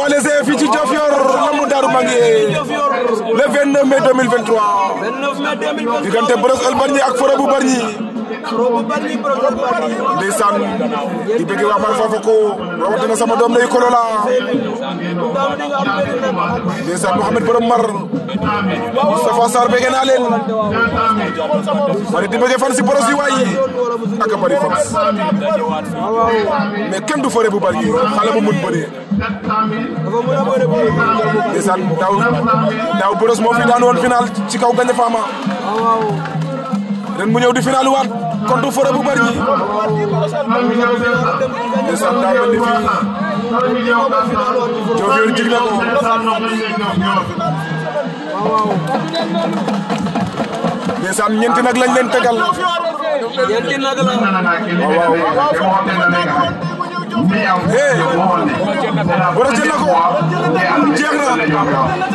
le 29 mai 2023 ndeysaan di bëgg waa Mar Fafako rawatina sama doom day Kolola ndeysaan Mouhamed borom Mar Moustapha Sarr bëgg naa leen bari di bëgg fan si boros yi waay ak bari fan mais kenn du fëre bu bari yi xale bu mën bëree ndeysaan daaw daaw moo fi daan woon final ci kaw gañ faama ren mu ñew di final waat kontur Fodé bu bari ñi ndeysaan daa ko lañ leen tegal Hey,